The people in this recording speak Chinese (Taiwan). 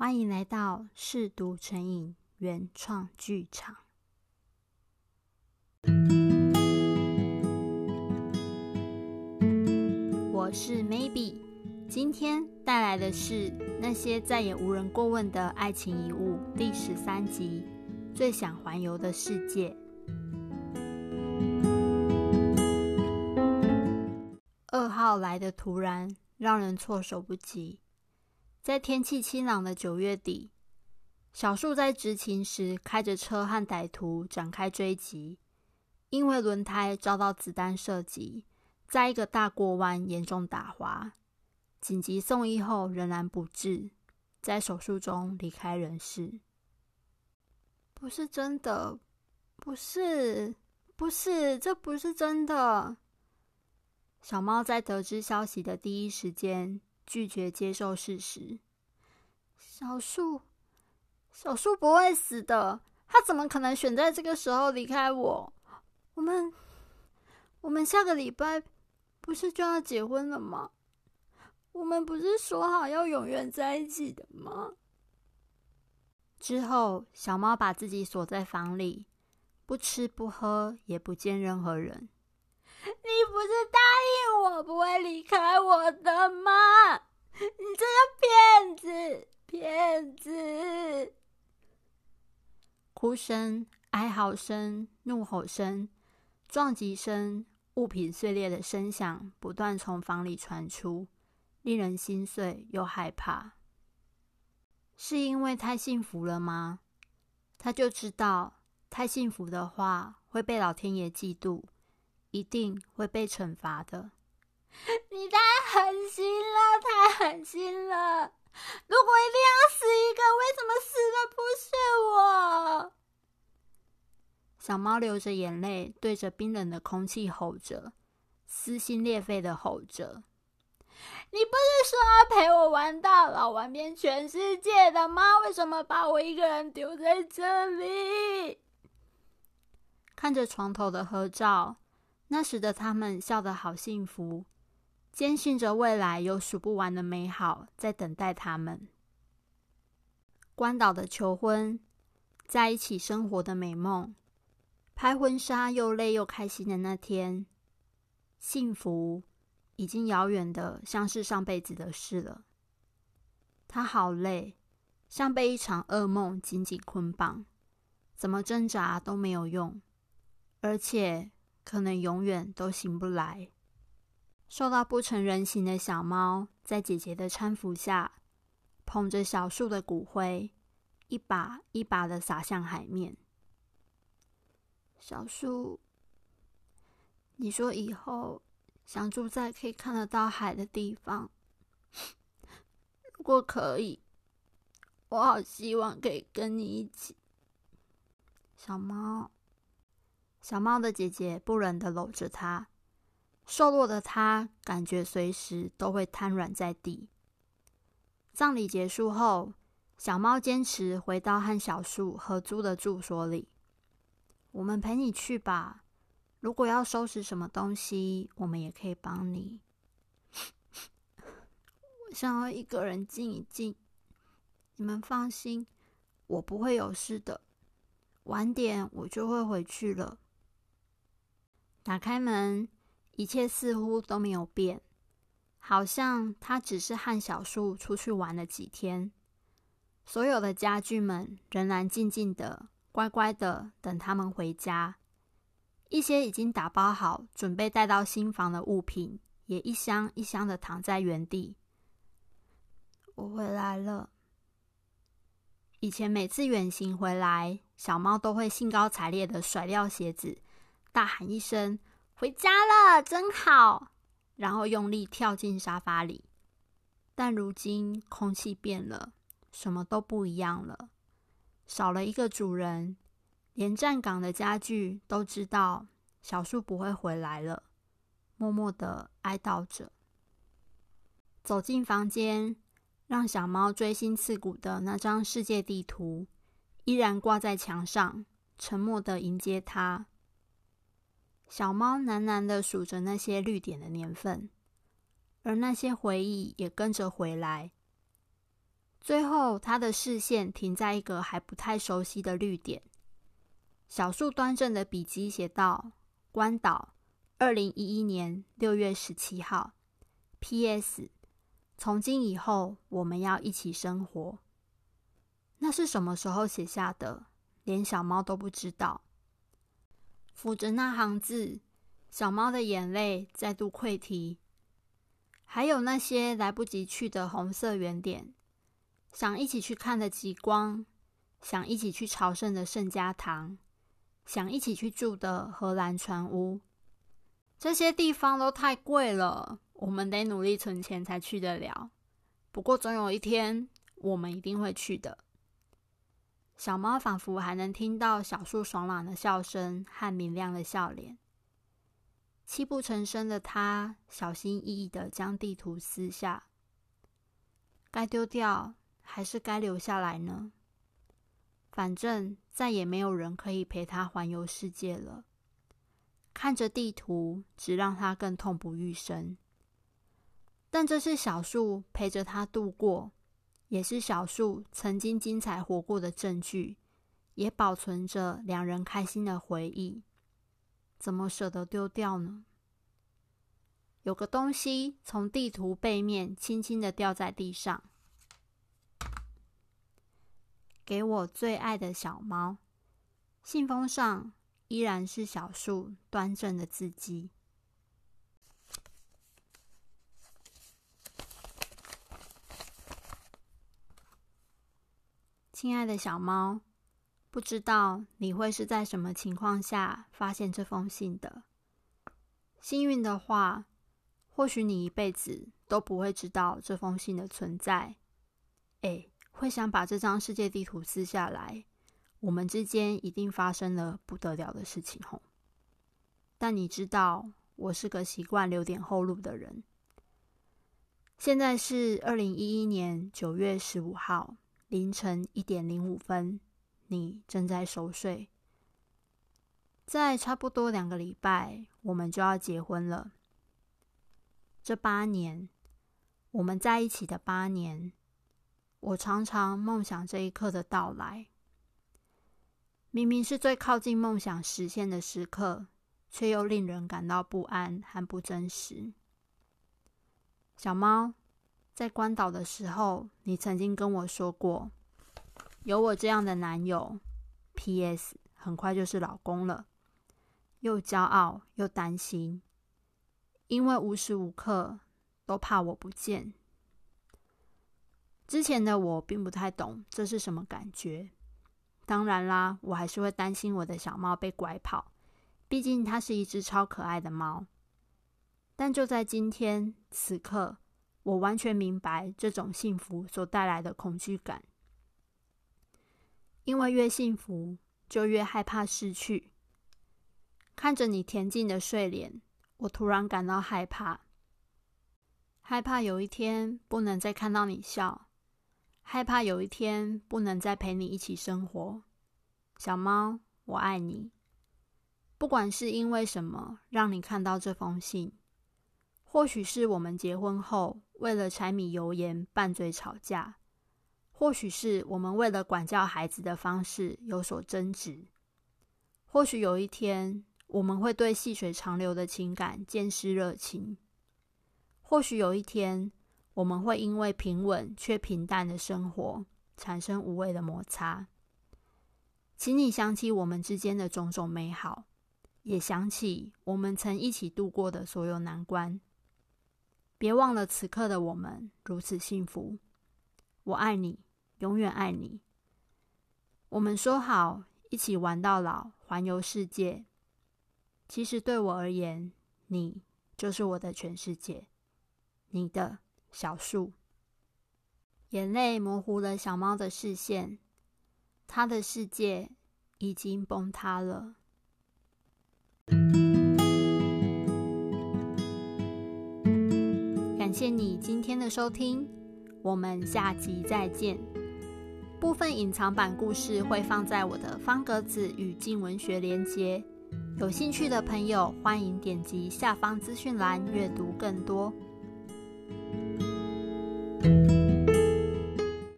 歡迎來到《嗜讀成癮》原創劇場，我是 Maybe，今天帶來的是《那些再也無人過問的愛情遺物》第十三集《最想環遊的世界》。噩耗來得突然，讓人措手不及。在天氣晴朗的九月底，小樹在執勤時開着車和歹徒展開追擊，因為輪胎遭到子彈射擊，在一個大過彎嚴重打滑，緊急送醫後仍然不治，在手術中離開人世。不是真的，不是，不是，這不是真的。小貓在得知消息的第一時間。拒絕接受事實，小樹，小樹不會死的，他怎麼可能選在這個時候離開我？我們，我們下個禮拜不是就要結婚了嗎？我們不是說好要永遠在一起的嗎？之後，小貓把自己鎖在房裡，不吃不喝，也不見任何人。你不是答應我不會離開我的嗎？你這個騙子！騙子！哭聲、哀嚎聲、怒吼聲、撞擊聲、物品碎裂的聲響不斷從房裡傳出，令人心碎又害怕。是因爲太幸福了嗎？他就知道，太幸福的話會被老天爺嫉妒。一定會被懲罰的！你太狠心了，太狠心了！如果一定要死一個，為什麼死的不是我？小貓流着眼淚，對着冰冷的空氣吼着，撕心裂肺的吼着：“你不是說要陪我玩到老，玩遍全世界的嗎？為什麼把我一個人丟在這裡？”看着床頭的合照。那時的他們笑得好幸福，堅信着未來有數不完的美好在等待他們。關島的求婚，在一起生活的美夢，拍婚紗又累又開心的那天，幸福已經遙遠的像是上輩子的事了。他好累，像被一場噩夢緊緊捆綁，怎麼掙扎都沒有用，而且……可能永遠都醒不來。瘦到不成人形的小貓，在姐姐的攙扶下，捧着小樹的骨灰，一把一把的灑向海面。小樹，你說以後想住在可以看得到海的地方？如果可以，我好希望可以跟你一起。小貓。小貓的姐姐不忍的摟着她，瘦弱的她感覺隨時都會癱軟在地。葬禮結束後，小貓堅持回到和小樹合租的住所裡。我們陪你去吧，如果要收拾什麼東西，我們也可以幫你。 我想要一個人靜一靜。你們放心，我不會有事的。晚點我就會回去了。打開門，一切似乎都沒有變，好像他只是和小樹出去玩了幾天。所有的家具們仍然靜靜的、乖乖的等他們回家。一些已經打包好，準備帶到新房的物品，也一箱一箱的躺在原地。我回來了。以前每次遠行回來，小貓都會興高采烈的甩掉鞋子。大喊一聲：“回家了，真好！”然後用力跳進沙發裡。但如今空氣變了，什麼都不一樣了。少了一個主人，連站崗的家具都知道小樹不會回來了，默默的哀悼着。走進房間，讓小貓錐心刺骨的那張世界地圖依然掛在牆上，沉默的迎接他。小貓喃喃的數着那些綠點的年份，而那些回憶也跟着回來。最後，他的視線停在一個還不太熟悉的綠點。小樹端正的筆跡寫道：“關島，二零一一年六月十七號。P.S. 從今以後，我們要一起生活。”那是什麼時候寫下的？連小貓都不知道。撫着那行字，小貓的眼淚再度潰堤。還有那些來不及去的紅色圓點，想一起去看的極光，想一起去朝聖的聖家堂，想一起去住的荷蘭船屋，這些地方都太貴了，我們得努力存錢才去得了。不過總有一天，我們一定會去的。小貓仿佛還能聽到小樹爽朗的笑聲和明亮的笑臉。泣不成聲的他，小心翼翼的將地圖撕下。該丟掉還是該留下來呢？反正再也沒有人可以陪他環遊世界了。看着地圖，只讓他更痛不欲生。但這是小樹陪着他度過。也是小樹曾經精彩活過的證據，也保存着兩人開心的回憶，怎麼捨得丟掉呢？有個東西從地圖背面輕輕的掉在地上。給我最愛的小貓。信封上依然是小樹端正的字跡。親愛的小貓，不知道你會是在什麼情況下發現這封信的。幸運的話，或許你一輩子都不會知道這封信的存在。哎，會想把這張世界地圖撕下來。我們之間一定發生了不得了的事情。吼！但你知道，我是個習慣留點後路的人。現在是二零一一年九月十五號。凌晨一點零五分，你正在熟睡。在差不多兩個禮拜，我們就要結婚了。這八年，我們在一起的八年，我常常夢想這一刻的到來。明明是最靠近夢想實現的時刻，卻又令人感到不安和不真實。小貓。在關島的時候，你曾經跟我說過，有我這樣的男友。P.S. 很快就是老公了，又驕傲又擔心，因為無時無刻都怕我不見。之前的我並不太懂這是什麼感覺，當然啦，我還是會擔心我的小貓被拐跑，畢竟它是一隻超可愛的貓。但就在今天此刻。我完全明白這種幸福所帶來的恐懼感，因為越幸福就越害怕失去。看着你恬靜的睡臉，我突然感到害怕，害怕有一天不能再看到你笑，害怕有一天不能再陪你一起生活。小貓，我愛你。不管是因為什麼讓你看到這封信。或許是我們結婚後為了柴米油鹽拌嘴，吵架，或許是我們為了管教孩子的方式有所爭執，或許有一天我們會對細水長流的情感漸失熱情，或許有一天我們會因為平穩卻平淡的生活產生無謂的摩擦，請你想起我們之間的種種美好，也想起我們曾一起度過的所有難關。別忘了，此刻的我們如此幸福。我愛你，永遠愛你。我們說好一起玩到老，環遊世界。其實對我而言，你就是我的全世界。你的小樹，眼淚模糊了小貓的視線，它的世界已經崩塌了。謝謝你今天的收聽，我們下集再見。部分隱藏版故事會放在我的方格子與鏡文學連接，有興趣的朋友歡迎點擊下方資訊欄閱讀更多。